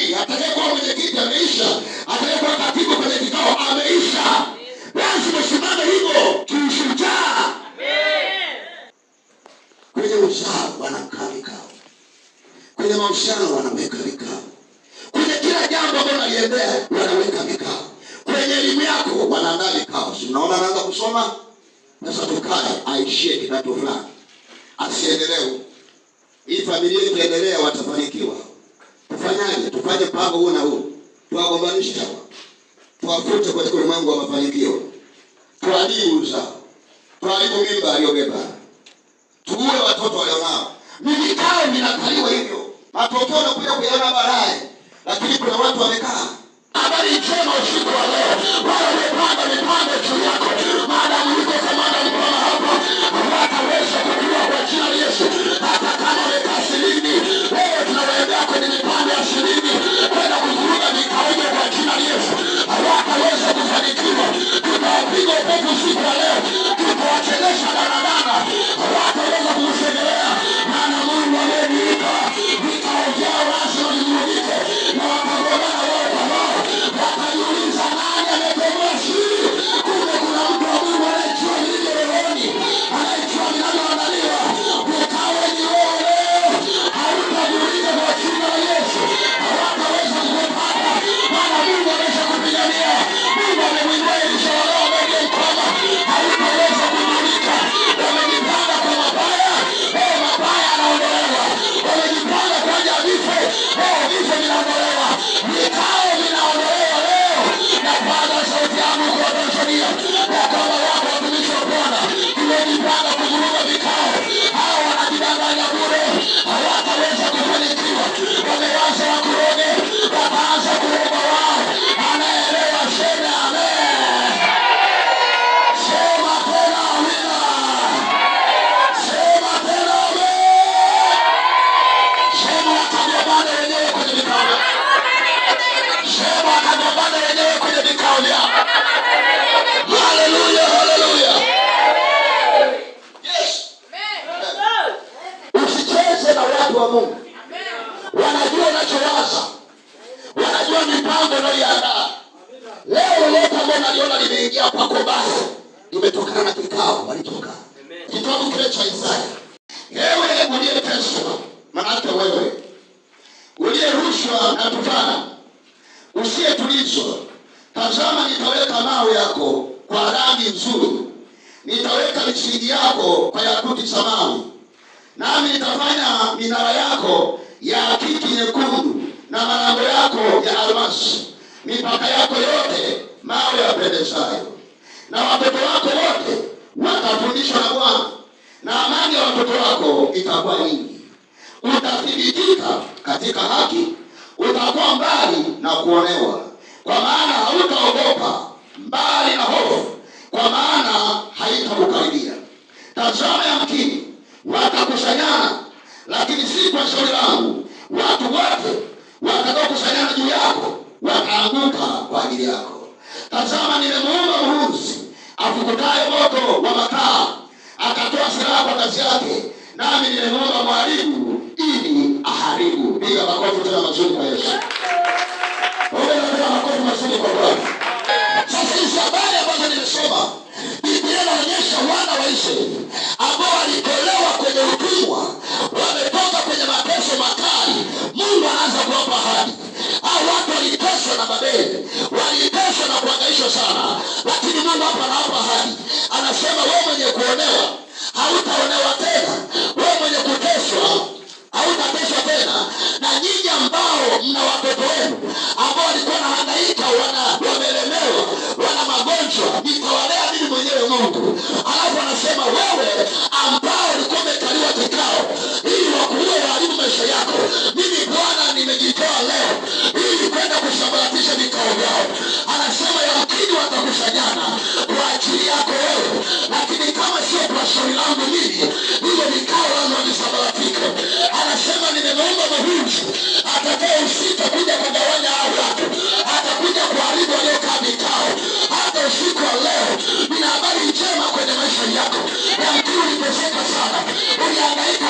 hii, atakayekuwa mwenyekiti ameisha, atakayekuwa katibu kwenye kikao ameisha. Lazima usimame hivyo kiushujaa kwenye uzao, wanakaa vikao kwenye mahusiano, wanaweka vikao kwenye kila jambo ambalo naliendea, wanaweka vikao kwenye elimu yako, wanaandaa vikao. Si anaanza kusoma sasa, tukae aishie kidato fulani asiendelee. Hii familia itaendelea, watafanikiwa tufanyaje? Tufanye mpango huu na huu, tuwagombanishe hawa, tuwafute katika ulimwengu wa mafanikio, tuadhibu uzao, tuadhibu mimba aliyobeba, tuue watoto walionao. Ni vikao vinakaliwa hivyo, matokeo nakuja kuyaona baadaye, lakini kuna watu wamekaa ছেলে সারা Agora jambo naliona limeingia kwako, basi limetokana na kikao walitoka kitabu kile cha Isaya. ewe uliyeteswa, manake wewe uliyerushwa na tufana, usiyetulizwa, tazama, nitaweka mawe yako kwa rangi nzuri, nitaweka misingi yako kwa yakuti samawi, nami nitafanya minara yako ya akiki nyekundu na malango yako ya almasi. Mipaka yako yote mawe yapendeshayo, na watoto wako wote watafundishwa na Bwana, na amani ya watoto wako itakuwa nyingi. Utathibitika katika haki, utakuwa mbali na kuonewa, kwa maana hautaogopa, mbali na hofu, kwa maana haitakukaribia. Tazama, yamkini watakusanyana, lakini si kwa shauri langu. Watu wote watakaokusanyana juu yako wataanguka kwa ajili yako tazama, nimemuumba mhunzi afukutaye moto wa makaa, akatoa silaha kwa kazi yake, nami nimemuumba mwalimu ili aharibu. Piga makofu tena mazuri kwa Yesu. Piga mazuri kwa Bwana. Sasa hizi habari ambazo hapa anasema wewe mwenye kuonewa hautaonewa tena, wewe mwenye kuteswa hautateswa tena, na nyinyi ambao mna watoto wenu ambao walikuwa wanahangaika, wana wamelemewa, wana magonjwa, nitawalea mimi mwenyewe Mungu. Alafu anasema wewe ambao ulikuwa umekaliwa kikao ili wakuue waharibu maisha yako, mimi Bwana nimejitoa leo ili kwenda kusambaratisha vikao vyao. Anasema yamkini watakusanyana ajili yako wewe, lakini kama sio kwa shauri langu mimi, hilo nikao lazima nisambaratika. Anasema nimemwomba mahuji atakaye usita kuja kugawanya hao watu, atakuja kuharibu waliokaa vikao. Hata usiku wa leo nina habari njema kwenye maisha yako, yamkini uliteseka sana, uliangaika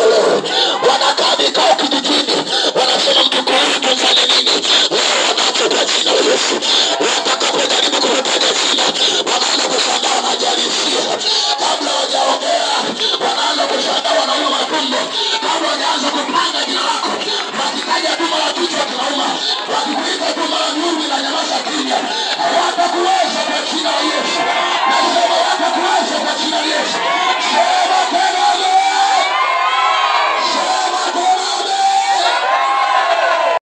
to What